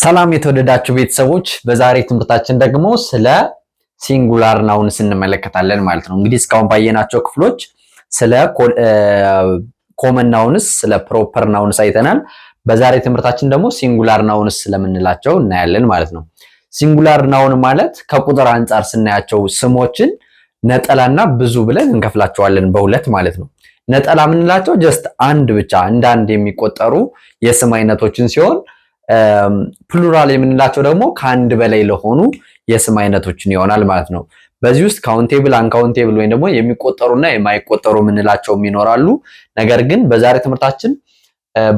ሰላም የተወደዳችሁ ቤተሰቦች፣ በዛሬ ትምህርታችን ደግሞ ስለ ሲንጉላር ናውን እንመለከታለን ማለት ነው። እንግዲህ እስካሁን ባየናቸው ክፍሎች ስለ ኮመን ናውንስ፣ ስለ ፕሮፐር ናውንስ አይተናል። በዛሬ ትምህርታችን ደግሞ ሲንጉላር ናውንስ ስለምንላቸው እናያለን ማለት ነው። ሲንጉላር ናውን ማለት ከቁጥር አንጻር ስናያቸው ስሞችን ነጠላና ብዙ ብለን እንከፍላቸዋለን በሁለት ማለት ነው። ነጠላ የምንላቸው ጀስት አንድ ብቻ እንደ አንድ የሚቆጠሩ የስም አይነቶችን ሲሆን ፕሉራል የምንላቸው ደግሞ ከአንድ በላይ ለሆኑ የስም አይነቶችን ይሆናል ማለት ነው። በዚህ ውስጥ ካውንቴብል፣ አንካውንቴብል ወይም ደግሞ የሚቆጠሩና የማይቆጠሩ የምንላቸውም ይኖራሉ። ነገር ግን በዛሬ ትምህርታችን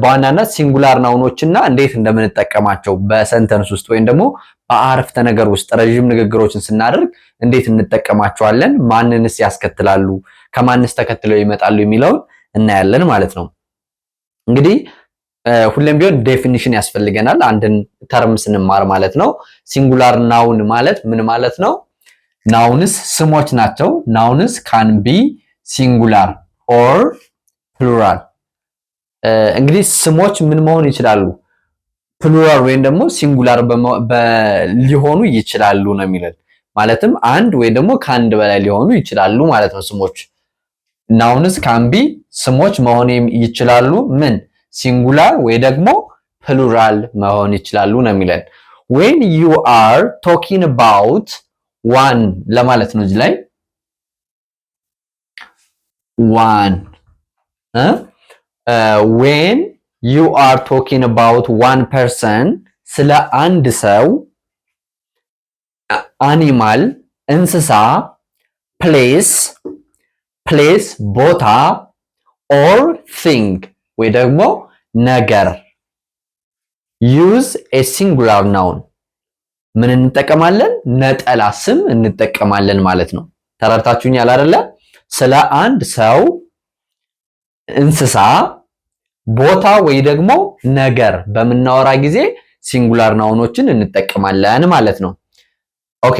በዋናነት ሲንጉላር ናውኖችና እንዴት እንደምንጠቀማቸው በሰንተንስ ውስጥ ወይም ደግሞ በአረፍተ ነገር ውስጥ ረዥም ንግግሮችን ስናደርግ እንዴት እንጠቀማቸዋለን፣ ማንንስ ያስከትላሉ፣ ከማንስ ተከትለው ይመጣሉ የሚለውን እናያለን ማለት ነው። እንግዲህ ሁሌም ቢሆን ዴፊኒሽን ያስፈልገናል። አንድን ተርም ስንማር ማለት ነው። ሲንጉላር ናውን ማለት ምን ማለት ነው? ናውንስ ስሞች ናቸው። ናውንስ ካን ቢ ሲንጉላር ኦር ፕሉራል። እንግዲህ ስሞች ምን መሆን ይችላሉ? ፕሉራል ወይም ደግሞ ሲንጉላር ሊሆኑ ይችላሉ ነው የሚለን። ማለትም አንድ ወይ ደግሞ ከአንድ በላይ ሊሆኑ ይችላሉ ማለት ነው። ስሞች ናውንስ ካን ቢ ስሞች መሆን ይችላሉ ምን ሲንጉላር ወይ ደግሞ ፕሉራል መሆን ይችላሉ ነው የሚለን። ዌን ዩ አር ቶኪንግ አባውት ዋን ለማለት ነው እዚህ ላይ ዋን ዌን ዩ አር ቶኪንግ አባውት ዋን ፐርሰን ስለ አንድ ሰው አኒማል እንስሳ ፕሌስ ፕሌስ ቦታ ኦር ቲንግ ወይ ደግሞ ነገር ዩዝ ኤ ሲንጉላር ናውን ምን እንጠቀማለን? ነጠላ ስም እንጠቀማለን ማለት ነው። ተረድታችሁኛል አይደለ? ስለ አንድ ሰው፣ እንስሳ፣ ቦታ ወይ ደግሞ ነገር በምናወራ ጊዜ ሲንጉላር ናውኖችን እንጠቀማለን ማለት ነው። ኦኬ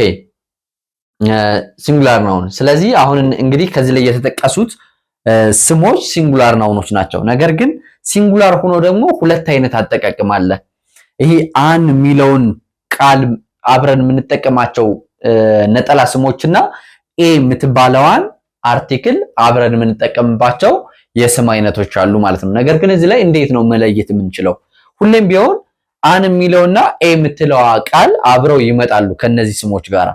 ሲንጉላር ናውን። ስለዚህ አሁን እንግዲህ ከዚህ ላይ የተጠቀሱት ስሞች ሲንጉላር ናውኖች ናቸው። ነገር ግን ሲንጉላር ሆኖ ደግሞ ሁለት አይነት አጠቃቀም አለ። ይሄ አን የሚለውን ቃል አብረን የምንጠቀማቸው ነጠላ ስሞችና ኤ የምትባለዋን አርቲክል አብረን የምንጠቀምባቸው የስም አይነቶች አሉ ማለት ነው። ነገር ግን እዚህ ላይ እንዴት ነው መለየት የምንችለው? ሁሌም ቢሆን አን የሚለውና ኤ የምትለዋ ቃል አብረው ይመጣሉ ከነዚህ ስሞች ጋር።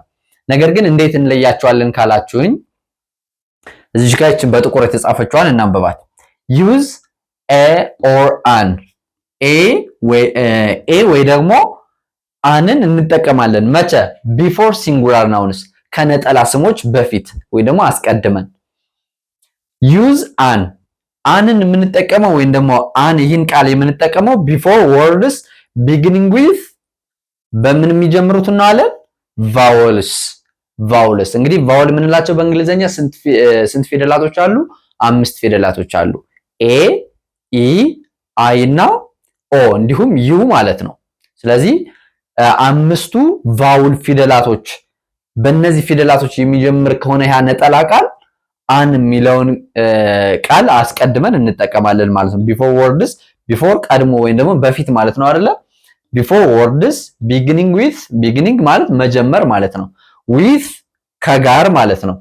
ነገር ግን እንዴት እንለያቸዋለን ካላችሁኝ እዚች ጋች በጥቁር የተጻፈችዋን እናንበባት። ዩዝ ኤ ኦር አን ኤ ወይ ደግሞ አንን እንጠቀማለን። መቼ? ቢፎር ሲንጉላር ናውንስ፣ ከነጠላ ስሞች በፊት ወይ ደግሞ አስቀድመን። ዩዝ አን አንን የምንጠቀመው ወይም ደግሞ አን ይህን ቃል የምንጠቀመው ቢፎር ወርድስ ቢግኒንግ ዊዝ በምን የሚጀምሩት እናዋለን ቫወልስ ቫውልስ እንግዲህ ቫውል የምንላቸው በእንግሊዝኛ ስንት ፊደላቶች አሉ? አምስት ፊደላቶች አሉ። ኤ፣ ኢ፣ አይ እና ኦ እንዲሁም ዩ ማለት ነው። ስለዚህ አምስቱ ቫውል ፊደላቶች በእነዚህ ፊደላቶች የሚጀምር ከሆነ ያ ነጠላ ቃል አን የሚለውን ቃል አስቀድመን እንጠቀማለን ማለት ነው። ቢፎር ወርድስ ቢፎር ቀድሞ ወይም ደግሞ በፊት ማለት ነው አይደለ? ቢፎር ወርድስ ቢግኒንግ ዊዝ ቢግኒንግ ማለት መጀመር ማለት ነው። ዊዝ ከጋር ማለት ነው።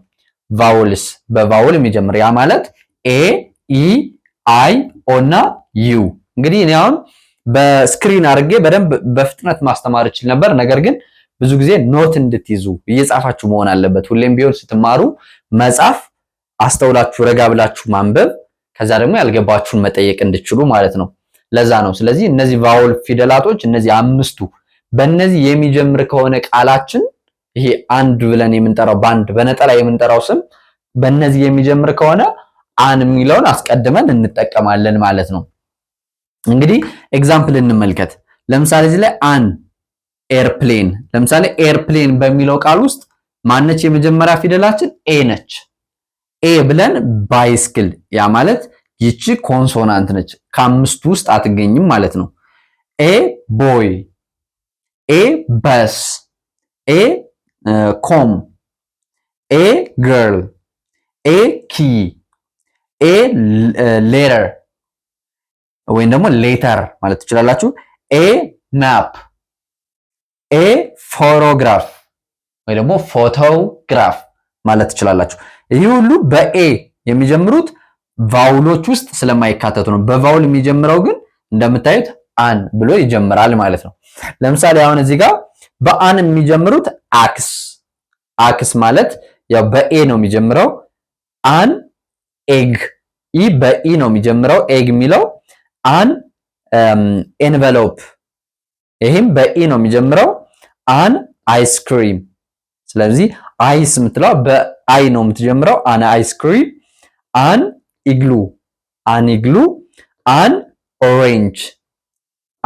ቫውልስ በቫውል የሚጀምር ያ ማለት ኤ ኢ አይ ኦ እና ዩ። እንግዲህ እኔ አሁን በስክሪን አድርጌ በደንብ በፍጥነት ማስተማር እችል ነበር። ነገር ግን ብዙ ጊዜ ኖት እንድትይዙ እየጻፋችሁ መሆን አለበት። ሁሌም ቢሆን ስትማሩ መጻፍ፣ አስተውላችሁ ረጋ ብላችሁ ማንበብ፣ ከዛ ደግሞ ያልገባችሁን መጠየቅ እንድችሉ ማለት ነው። ለዛ ነው። ስለዚህ እነዚህ ቫውል ፊደላቶች እነዚህ አምስቱ በእነዚህ የሚጀምር ከሆነ ቃላችን ይሄ አንድ ብለን የምንጠራው በአንድ በነጠላ የምንጠራው ስም በእነዚህ የሚጀምር ከሆነ አን የሚለውን አስቀድመን እንጠቀማለን ማለት ነው። እንግዲህ ኤግዛምፕል እንመልከት። ለምሳሌ እዚህ ላይ አን ኤርፕሌን፣ ለምሳሌ ኤርፕሌን በሚለው ቃል ውስጥ ማነች የመጀመሪያ ፊደላችን? ኤ ነች። ኤ ብለን ባይስክል፣ ያ ማለት ይቺ ኮንሶናንት ነች፣ ከአምስቱ ውስጥ አትገኝም ማለት ነው። ኤ ቦይ፣ ኤ በስ፣ ኤ ኮም ኤ ግርል ኤ ኪ ኤ ሌተር ወይም ደግሞ ሌተር ማለት ትችላላችሁ። ኤ ናፕ ኤ ፎቶግራፍ ወይ ደግሞ ፎቶግራፍ ማለት ትችላላችሁ። ይህ ሁሉ በኤ የሚጀምሩት ቫውሎች ውስጥ ስለማይካተቱ ነው። በቫውል የሚጀምረው ግን እንደምታዩት አን ብሎ ይጀምራል ማለት ነው። ለምሳሌ አሁን እዚህ ጋር በአን የሚጀምሩት አክስ አክስ ማለት ያው በኤ ነው የሚጀምረው። አን ኤግ ኢ በኢ ነው የሚጀምረው። ኤግ የሚለው አን ኤንቨሎፕ ይህም በኢ ነው የሚጀምረው። አን አይስክሪም። ስለዚህ አይስ የምትለው በአይ ነው የምትጀምረው። አን አይስክሪም። አን ኢግሉ አን ኢግሉ። አን ኦሬንጅ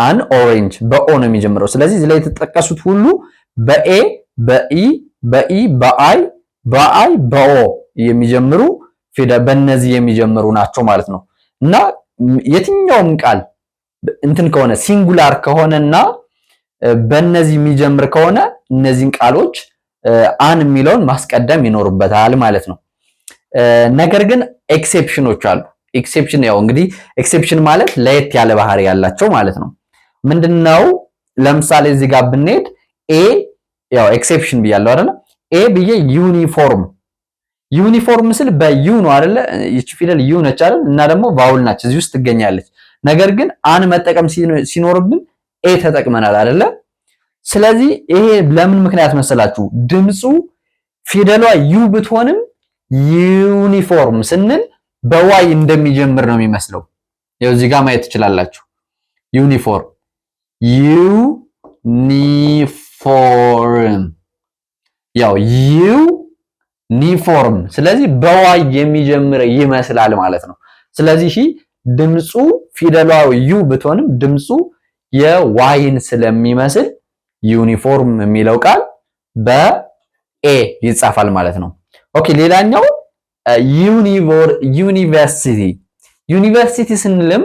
አን ኦሬንጅ በኦ ነው የሚጀምረው። ስለዚህ እዚህ ላይ የተጠቀሱት ሁሉ በኤ በኢ በኢ በአይ በአይ በኦ የሚጀምሩ በእነዚህ የሚጀምሩ ናቸው ማለት ነው እና የትኛውም ቃል እንትን ከሆነ ሲንጉላር ከሆነና በእነዚህ የሚጀምር ከሆነ እነዚህን ቃሎች አን የሚለውን ማስቀደም ይኖርበታል ማለት ነው። ነገር ግን ኤክሴፕሽኖች አሉ። ኤክሴፕሽን ያው እንግዲህ ኤክሴፕሽን ማለት ለየት ያለ ባህሪ ያላቸው ማለት ነው። ምንድነው? ለምሳሌ እዚህ ጋር ብንሄድ ኤ ያው ኤክሴፕሽን ብያለሁ አይደለ? ኤ ብዬ ዩኒፎርም ዩኒፎርም ስል በዩ ነው አይደለ? ይቺ ፊደል ዩ ነች አይደል? እና ደግሞ ቫውል ናች እዚህ ውስጥ ትገኛለች። ነገር ግን አን መጠቀም ሲኖርብን ኤ ተጠቅመናል አይደለ? ስለዚህ ይሄ ለምን ምክንያት መሰላችሁ? ድምፁ ፊደሏ ዩ ብትሆንም ዩኒፎርም ስንል በዋይ እንደሚጀምር ነው የሚመስለው። ያው እዚህ ጋር ማየት ትችላላችሁ ዩኒፎርም ዩኒፎርም ያው ዩኒፎርም። ስለዚህ በዋይ የሚጀምር ይመስላል ማለት ነው። ስለዚህ ሺ ድምፁ ፊደሏ ዩ ብትሆንም ድምፁ የዋይን ስለሚመስል ዩኒፎርም የሚለው ቃል በኤ ይጻፋል ማለት ነው። ኦኬ ሌላኛው ዩኒቨርሲቲ ዩኒቨርሲቲ ስንልም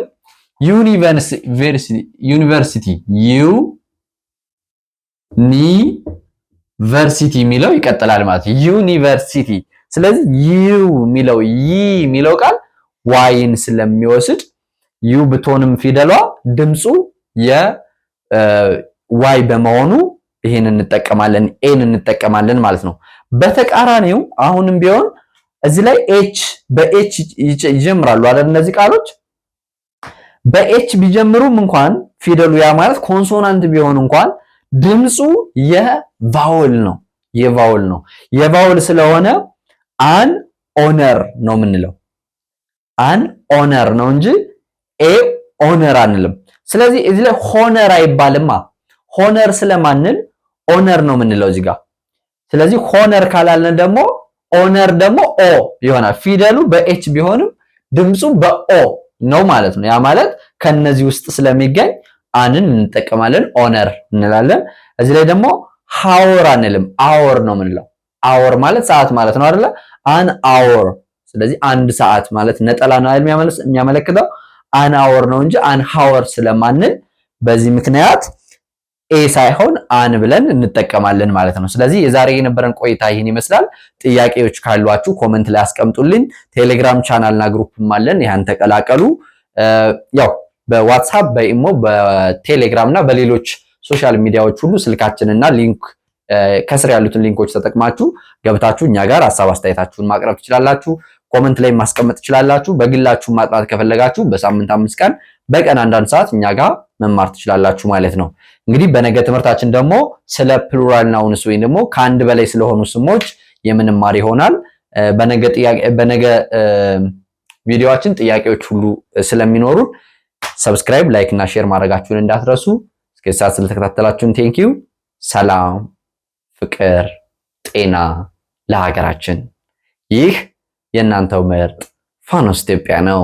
ዩኒቨርሲቲ ዩ ኒ ቨርሲቲ የሚለው ይቀጥላል ማለት ነው። ዩኒቨርሲቲ ስለዚህ ዩ የሚለው ይ የሚለው ቃል ዋይን ስለሚወስድ ዩ ብትሆንም ፊደሏ ድምፁ የዋይ በመሆኑ ይሄን እንጠቀማለን፣ ኤን እንጠቀማለን ማለት ነው። በተቃራኒው አሁንም ቢሆን እዚህ ላይ ኤች በኤች ይጀምራሉ አይደል እነዚህ ቃሎች በኤች ቢጀምሩም እንኳን ፊደሉ ያ ማለት ኮንሶናንት ቢሆን እንኳን ድምፁ የቫውል ነው የቫውል ነው የቫውል ስለሆነ አን ኦነር ነው የምንለው። አን ኦነር ነው እንጂ ኤ ኦነር አንልም። ስለዚህ እዚህ ላይ ሆነር አይባልማ። ሆነር ስለማንል ኦነር ነው የምንለው እዚህ ጋር። ስለዚህ ሆነር ካላልን ደግሞ ኦነር ደግሞ ኦ ይሆናል። ፊደሉ በኤች ቢሆንም ድምፁ በኦ ነው ማለት ነው። ያ ማለት ከነዚህ ውስጥ ስለሚገኝ አንን እንጠቀማለን፣ ኦነር እንላለን። እዚህ ላይ ደግሞ ሃወር አንልም፣ አወር ነው ምንለው። አወር ማለት ሰዓት ማለት ነው አይደለ? አን አወር። ስለዚህ አንድ ሰዓት ማለት ነጠላ ነው የሚያመለክተው አን አወር ነው እንጂ አን ሃወር ስለማንል በዚህ ምክንያት ኤ ሳይሆን አን ብለን እንጠቀማለን ማለት ነው። ስለዚህ የዛሬ የነበረን ቆይታ ይህን ይመስላል። ጥያቄዎች ካሏችሁ ኮመንት ላይ አስቀምጡልኝ። ቴሌግራም ቻናልና ግሩፕም አለን፣ ያን ተቀላቀሉ። ያው በዋትሳፕ በኢሞ በቴሌግራም እና በሌሎች ሶሻል ሚዲያዎች ሁሉ ስልካችንና ሊንክ ከስር ያሉትን ሊንኮች ተጠቅማችሁ ገብታችሁ እኛ ጋር ሀሳብ አስተያየታችሁን ማቅረብ ትችላላችሁ። ኮመንት ላይ ማስቀመጥ ትችላላችሁ። በግላችሁ ማጥናት ከፈለጋችሁ በሳምንት አምስት ቀን በቀን አንዳንድ ሰዓት እኛ ጋር መማር ትችላላችሁ ማለት ነው። እንግዲህ በነገ ትምህርታችን ደግሞ ስለ ፕሉራል ናውንስ ወይም ደግሞ ከአንድ በላይ ስለሆኑ ስሞች የምንማር ይሆናል። በነገ ቪዲዮችን ጥያቄዎች ሁሉ ስለሚኖሩ ሰብስክራይብ፣ ላይክ እና ሼር ማድረጋችሁን እንዳትረሱ። እስከ ሰዓት ስለተከታተላችሁን ቴንኪው። ሰላም፣ ፍቅር፣ ጤና ለሀገራችን ይህ የእናንተው ምርጥ ፋኖስ ኢትዮጵያ ነው።